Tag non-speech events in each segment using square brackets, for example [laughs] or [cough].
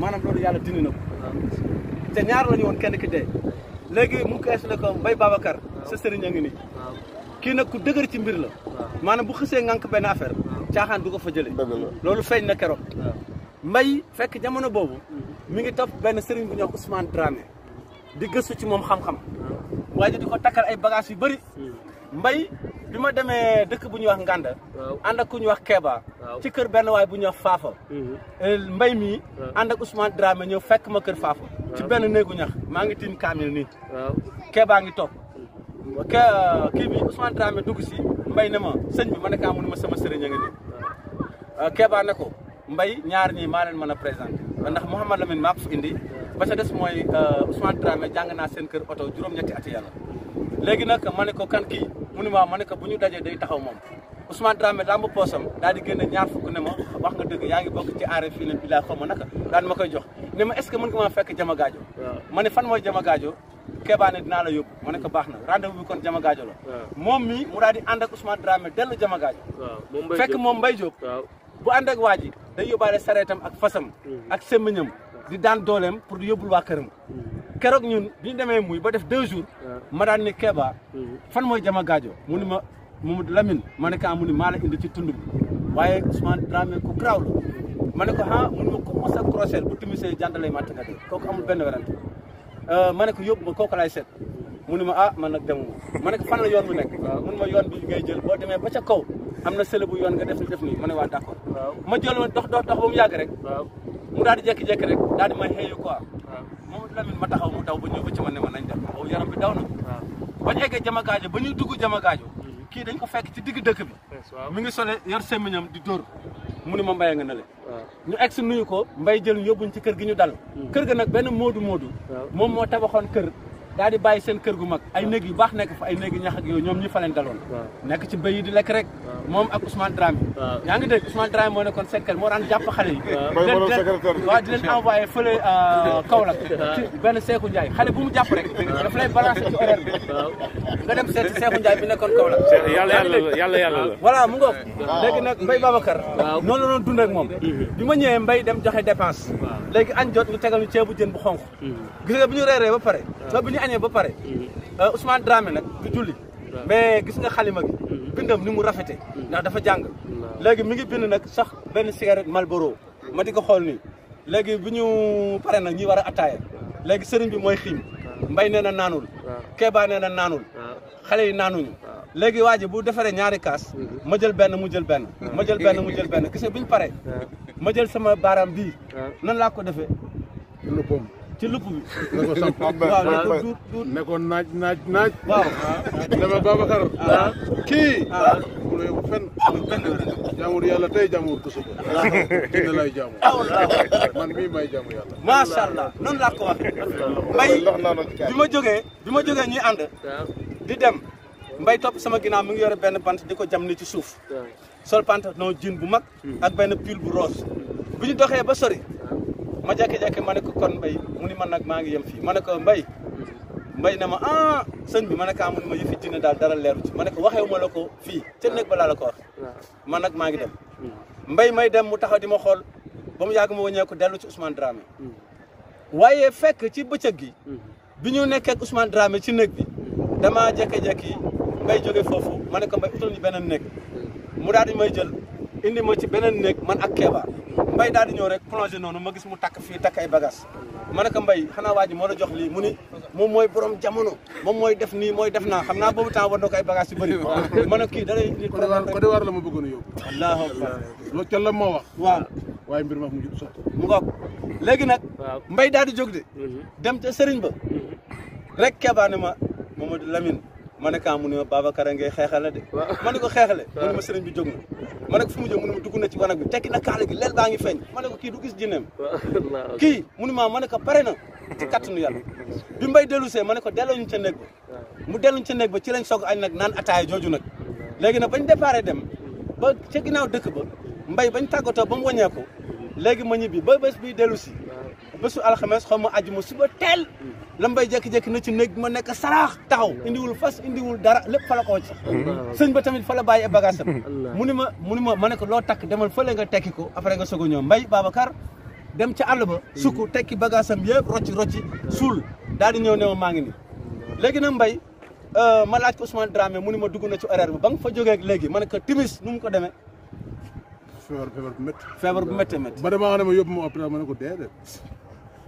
maanaam loolu yàlla dindi na ko te lañu woon kenn ki dee léegi mu kees ne ko Mbaye Babacar sa sëriñ a ngi nii kii nag ku dëgër ci mbir la maanaam bu xësee ngànk benn affaire caaxaan du ko fa jëlee loolu feeñ na kero mbay fekk jamono boobu mhm. mi ngi topp benn sëriñ bu ñuy wax di gëstu ci moom xam-xam waa di ko takkal ay bagages yu bëri mhm. mbay bima ma demee dëkk bu wax Nganda. and ak ku wax Keba. ci kër ben way bu ñuy wax Faafa. mbay mhm. mi and ak Ousmane drame ñeu fekk ma kër fafa ci ben neegu ñax ma nga tiim kamil ni Keba nga top ke kibi bi Ousmane drame dugg ci mbay ne ma señ bi mané ka kaa mu ma sama sëriñ nga ni Keba ne ko mbay ñaar ñii ma leen mëna présenter ndax mohammed Lamine maa fu indi. ba sa dess moy euh, Ousmane drame jang na seen kër auto juroom ñetti at yalla léegi nak mané ko kan ki mu ne ma ma ne ko bu ñu dajee day taxaw moom Ousmane Dramé lamb poosam daal di génne ñaar fukk ne ma wax nga dëgg yaa ngi bokk ci aare fii ne bi ma naka daan ma koy jox ne ma est ce que mën nga maa fekk jama gaajo ma ne fan mooy jama gaajo kebaane dinaa la yóbbu ma ne ko baax na rendez-vous bi kon jama la moom mii mu daal di ànd ak Ousmane Dramé dellu jama gaajo fekk moom bay Diop bu ànd ak waa ji day yóbbaale sareetam ak fasam mm-hmm. ak sémmiñam di daan dooleem pour di yóbbul waa këram mm-hmm. keroog ñun bi ñu demee muy ba def deux jour ma daan ni Kéba. Mm-hmm. fan mooy Jama Gaajo mu ni ma Mamadou Lamine ma ne ko ah, mu ni maa la indi ci tund bi waaye Ousmane Dramé ku garaaw la ma ne ko ah mun nga ko mos a crochet bu timisee jàndale matt nga dee kooku amul benn werante euh, ma ne ko yóbbu ma kooku laay seet. mu ni ma ah man nag demuma ma ne ko fan la yoon bi nekk. waaw mu ma yoon bi ngay jël boo demee ba ca kaw am na sële bu yoon nga def li def nii ma ne waa d' accord. ma jël ma dox dox dox ba mu yàgg rek. mu daal di jékki-jékki rek daal Lamine ma taxaw mu daw ba ñëw ba ci nañ dem aw yaram bi daw na bañ eggee jamagaajo ba ñuy dugg jamakaajo mhm. kii dañ ko fekk ci digg dëkk bi mi ngi sole yor sémmiñam di dóor mu ni ma mbéye nga na le ñu egg si nuyu ko mbay jël yóbbuñ ci kër gi ñu dal mhm. kër ga nag benn moodu moodu moom moo tabaxoon kër daal di bàyyi seen kër gu mag ay néeg yu baax nekk fa ay néegi ñax ak yooyu ñoom ñi fa leen daloon nekk ci béy yi di lekk rek moom ak Ousmane Dramé yaa ngi dégg Ousmane Dramé moo nekkoon secrétaire moo daan jàpp xale yi waaw di leen envoyé fële euh, Kaolack [laughs] ci benn Seeku Ndiaye xale bu mu jàpp rek daf lay balancer ci horaire bi nga dem seeti Seeku Ndiaye bi nekkoon Kaolack yàlla yàlla yàlla la voilà mu ngoog léegi nag mbay Babacar noonu la doon dund ak moom mhm. bi ma ñëwee mbay dem joxe dépense léegi añ jot ñu tegal ñu ceebu jën bu xonq mhm. gis nga bi ñu reeree ba pare añee ba pare mm-hmm. euh, Ousmane Dramé nag du julli mais gis na xalima gi mm-hmm. bindam ni mu rafete mm-hmm. ndax dafa jàng léegi mi ngi bind nag sax benn cigarette Marlboro ma di ko xool nii léegi bi ñu pare nag ñi war a attaaya léegi sëriñ bi mooy xiim mbay ne na naanul keebaa nee na naanul xale yi naanuñu léegi waaj ji bu defaree ñaari kaas ma jël benn mu jël benn ma jël benn mu jël benn gis nga ñu pare ma jël sama baaraam bii nan laa ko defee ci lupp bi. ne ko naaj naaj naaj. waaw dama Babacar. Ah. kii. ah bu la yóbbu fenn. tey jaamur ko suba. dina lay jaamu. Ah, man mii may jaamu yàlla. macha allah mbay bi ma jogee bi ma jógee ñuy ànd. di dem mbay topp sama ginnaaw mu ngi yore benn bant di ko jam ni ci suuf. sol pantalon jean bu mag. ak benn pull bu rose. Mm. bu ñu doxee ba sori. ma jékki-jékki ma ne kon mbay mu ni man maa ngi yem fii ma ne ko mbay mbay na ma ah sëñ bi ma ne kaa ah, mun ma daal dara leeru ci ma ne ko waxewu ma la ko fii ca nekk ba laa ko wax nag maa ngi dem hmm. mbay may dem mu taxaw di ma xool ba mu yàgg ma wëññeeku dellu ci Ousmane Dramé hmm. waaye fekk ci bëccëg gi hmm. bi ñu nekkee ak Ousmane ci néeg bi damaa jékki-jékki mbay jóge foofu ma ne ko mbay utal ñu beneen mu daal di may jël indi ma ci beneen néeg man ak Kéba mbay daal di ñëw rek plongé noonu ma gis mu takk fii takk ay bagage ma ne ko mbay xanaa waa ji moo jox lii mu ni moom mooy borom jamono moom mooy def nii mooy def naa xam naa boobu temps war na ay bagage yu bëri [laughs] ma ne kii da lay ko de war la ma bëggoon a yóbbu allahu akbar loolu ca la moo wax waaw waaye mbir ma mu jub sotti mu ngoog léegi nag mbay daal di jóg de mhm. dem ca sëriñ ba mhm. rek kebaane ma Mamadou Lamine ma ne kaa ah, mu ne ma Babacar ngay xeexale de ma ne ko xeexale mu ne ma bi jóg na ma ne ko fu mu jóg mu ne dugg na ci wanag bi tekki na kaala gi leel baa ngi feeñ ma ne ko kii du gis jinneem kii mu ne ma ma ne ko pare na ci kattanu yàlla bi mbay dellu see ma ne ko delluñu ca néeg ba mu delluñu ca néeg ba ci lañ soog añ nag naan ataaya jooju nag léegi nag bañ déparé dem ba ca ginnaaw dëkk ba mbay bañ tàggatoo ba mu wàññeeku léegi ma ñibbi ba bés bi dellu si bésu alxames xaw ma àjjuma suba teel mm. lambay jékki-jékki na ci néeg ma nekk saraax taxaw indiwul fas indiwul dara lépp fa la ko wàcc sëñ ba tamit fa la bàyyi bagage am mu ma mu ma ma loo takk demal fële nga tekki ko a nga soog a ñëw mbay Babacar dem ca àll ba sukk tekki bagaasam am yëpp rocci rocci suul daal di ñëw ne ma maa ngi ni léegi nag mbay euh, ma laaj ko Ousmane Dramé mu ni ma dugg na ci horaire bi ba fa jógee léegi ma ne ko timis nu mu ko demee feebar feebar bu métti feebar bu métti métti ba damaa ne ma yóbbu ma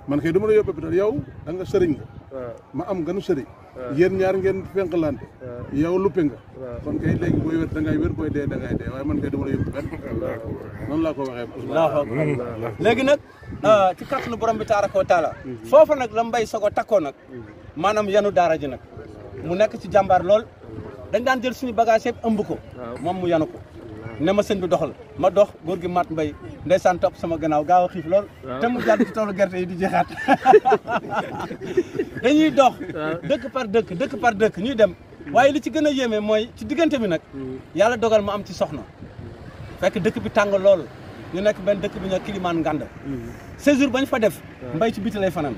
man xey duma la yobbe hôpital yow da nga sëriñ nga ma am gënu sëriñ yeen ñaar ngeen fenqlante yow luppe nga kon kay léegi boy wër da ngay wër boy dé da ngay dé waaye man kay duma la yobbe ben non la ko waxe allah léegi nak ah, ci kàttanu borom bi taraka taala mhm. fofu nak la mbay sogo takko nak mhm. manam yanu dara ji nak mu nek ci jambar lol dañ dan jël suñu bagage yëpp ëmb ko mom mu yanu ko ne ma sëñ bi doxal ma dox gor gi mat mbay ndeysaan topp sama gannaaw gaaw a xiif lool. te mu jàdd ci toolu gerte yi di jeexaat [laughs] dañuy dox. dëkk par dëkk dëkk par dëkk ñuy dem. waaye li ci gën a yéeme mooy ci diggante bi nag. Mm. yàlla dogal mu am ci soxna. fekk dëkk bi tàng lool ñu nekk benn dëkk bi ñu kilimaan ngànd. Mm. séjour bañ fa def. mbay ci biti lay fanaan.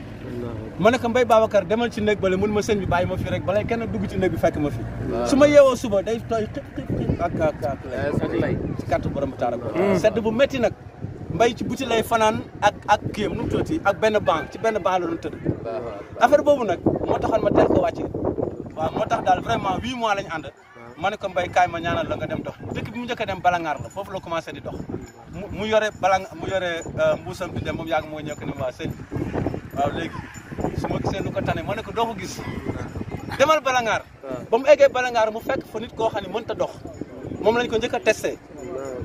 ma ne ko mbay Babacar demal ci nekk bale mun ma sëñ bi bàyyi ma fi rek balay kenn dugg ci néeg bi fekk ma fi. su ma yeewoo suba day tooy xëpp xëpp ak ak ak eh, mm. bu metti nag. mbay ci bouti lay fanan ak ak kiyam num toti ak ben bank ci ben bank la doon teud affaire bobu nak mo taxoon ma tel ko wàcce wa mo tax dal vraiment 8 mois lañ and ma ko mbay kay ma ñaanal la nga dem dox dekk bi mu njëkk dem balangar la fofu la commencé di dox mu yoré balang mu yoré euh, mbuusam di dem moom yag mo ñëk ni waa sëñ wa léegi suma gisé lu ko tané ma ne ko ko gis demal balangar bam égué balangar mu fekk fa nit ko xani mën ta dox mom lañ ko njëkk testé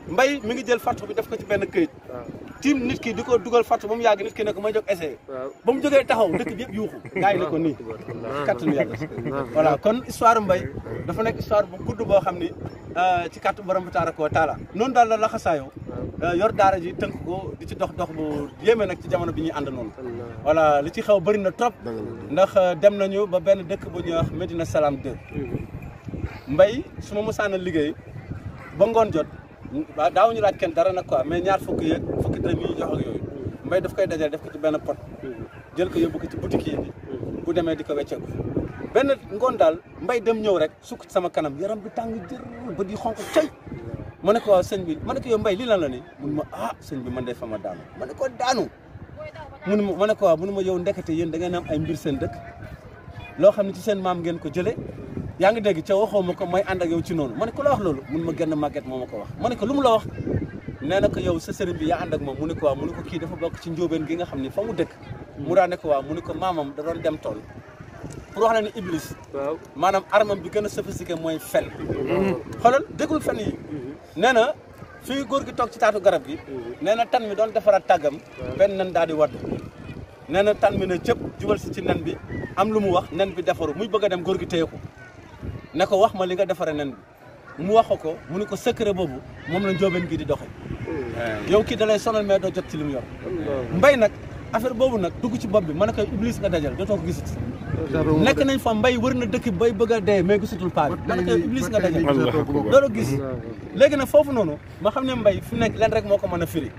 mbay mi ngi jël fàttu bi def ko ci benn këyit tiim nit ki di ko dugal fàttu ba mu yàgg nit ki ne ko may jóg ba mu jógee taxaw dëkk bi yuuxu gars yi ne ko nii kattanu yàlla voilà kon histoire mbay dafa nekk histoire bu gudd boo xam ni euh, ci kàttu borom bu tabaaraka wa taala noonu daal la laxasaayoo euh, yor daara ji tënk ko di ci dox dox bu yéeme nag ci jamono bi ñuy ànd noonu voilà li ci xew bëri na trop ndax euh, dem nañu ba benn dëkk bu ñuy wax Medina Salam 2 mhm. mbay su ma mosaan liggéey ba ngoon jot waaw ñu laaj kenn dara na ko mais ñaar fukki yeeg fukki dërëm yi jox mbay daf koy dajale def ko ci benn pot jël ko yóbbu ko ci boutique yi bu demee di ko wecceeku benn ngoon daal mbay dem ñëw rek suk sama kanam yaram bi tàng jër ba di xonk cay ma ne ko waaw sëñ bi ma ne ko yow mbay lii lan la ni mun ma ah sëñ bi man de fa ma daanu ma ne ko daanu mun ma ne ko waaw mun ma yow ndekete yéen da ngeen ay mbir seen dëkk loo xam ne ci seen maam ngeen ko jëlee yaa ngi dégg ca waxoo ma ko may ànd ak yow ci noonu ma ne ko la loolu mun ma gën a màgget moo ma ko wax ma ne ko lu mu la wax nee na ko yow sa sëriñ bi yaa ànd moom mu ne ko waaw mu ne ko kii dafa bokk ci njóobeen gi nga xam ni fa mu dëkk hmm. mu daan ne ko waaw mu ne ko maamam da doon dem tool pour wax la ne iblis waaw maanaam armam bi gën a sophistiqué mooy fen hmm. xoolal déggul fen yi hmm. nee na fii góor gi toog ci taatu garab gi nee na tan mi doon defaraat tàggam benn nen daal di wadd nee na tan mi ne cëpp jubal si ci nen bi am lu wax nen bi defaru muy bëgg a dem góor gi téye ko nako wax ma li nga defare nan mu waxoko ko mu ne secret bobu mom lañ jobeen gi di doxe yow ki dalay sonal me do jot ci lim yor mbay nak affaire bobu nak dugg ci bob bi ma iblis nga dajal do to ko gisit nek nañ fa mbay wër na dëkk bay bëgg dé dee mais gisutul paa bi ma iblis nga dajal do dootoo gis légui nak fofu nonu ma xamné mbay fi nek len rek moko mëna firi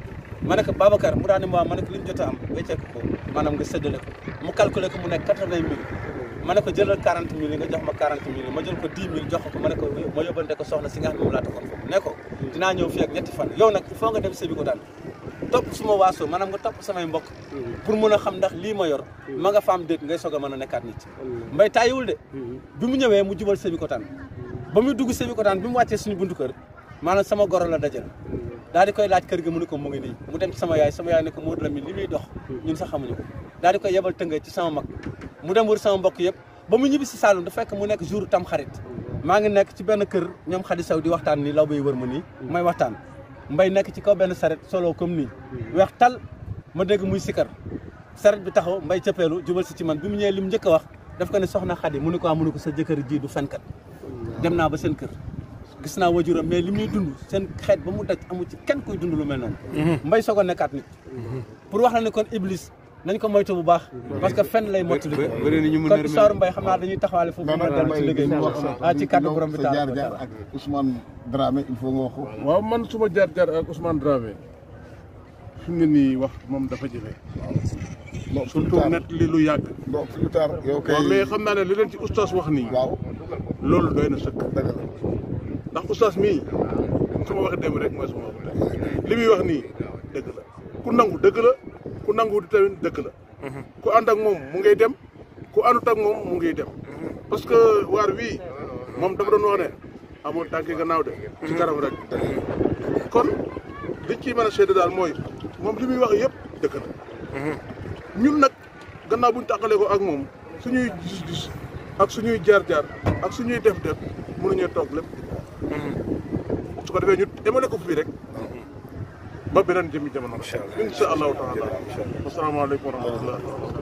ma babakar ko mu daal ne ma ma ne ko am wéccé ko manam nga sédelé ko mu calculer ko mu nek 80000 ma ne ko jëlal 40 mille nga jox ma 40 mille ma jël ko 10 mille jox ko ma ne ko ma yóbbante ko soxna si nga xam ne moom laa taxoon foofu ne ko dinaa ñëw fii ak ñetti fan yow nag il faut nga dem sëbi ko daal topp suma waaso maanaam nga topp samay mbokk pour mën a xam ndax lii ma yor ma nga faam déet ngay soog a mën nit mbay tàyyiwul de bi mu ñëwee mu jubal sëbi ko taan ba muy dugg sëbi ko taan bi mu wàccee suñu buntu kër maanaam sama goro la dajal daal di koy laaj kër gi mu ne ko mu ngi nii mu dem ci sama yaay sama yaay ne ko Modou Lamine li muy dox ñun sax xamuñu ko daal di koy yebal ci sama mak mu dem wër sama mbokk yëpp ba mu ñibbi si Saloum du fekk mu nekk jour tam xarit ma ngi nekk ci ben kër ñom xadi di waxtaan ni law bay wër ma ni may waxtaan mbay nekk ci kaw ben saret solo comme ni waxtal tal ma dégg muy sikar saret bi taxaw mbay cëppeelu jubal si ci man bu mu ñëwee lim mu wax daf ko ne soxna xadi mu ne ko ah, ko sa jëkër ji du fankat dem na ba seen kër gis na wajuram mais limi dund seen xet ba mu daj amu ci kenn koy dund lu mel non mhm. mbay soog nekat nit mhm. pour wax la ne kon iblis nañ ko moytu bu baax parce que fenn lay mottali ko kon histoire mbay xamna dañuy taxawale fu mu dal ci liggey liggéey wax ah ci kàddu borom bi taa jaar ak Ousmane Dramé il faut nga wax waaw man suma jaar jaar ak Ousmane Dramé fi ni ne nii wax moom dafa jëfe surtout net li lu yag yàgg plus tard yow kay mais xam naa ne li leen ci oustaz wax ni waaw lolou doyna na sëkk ndax oustaz mi suma wax dem rek mooy suma wax limi wax ni deug la ku nangu deug la ku nangu di tamit dëkk la ku ànd ak moom mu ngay dem ku àndut ak moom mu ngay dem parce que waar wii moom dafa doon wax ne amul tànki gannaaw de ci kanam rek kon liñ ciy mën a seede daal mooy moom li muy wax yëpp dëkk la ñun nag gannaaw buñu tàqalee ko ak moom suñuy gis-gis ak suñuy jaar-jaar ak suñuy def-def mënuñu toog lépp su ko defee ñu demale ko fii rek ببرن جميع جمعنا إن شاء الله إن شاء الله السلام عليكم ورحمة الله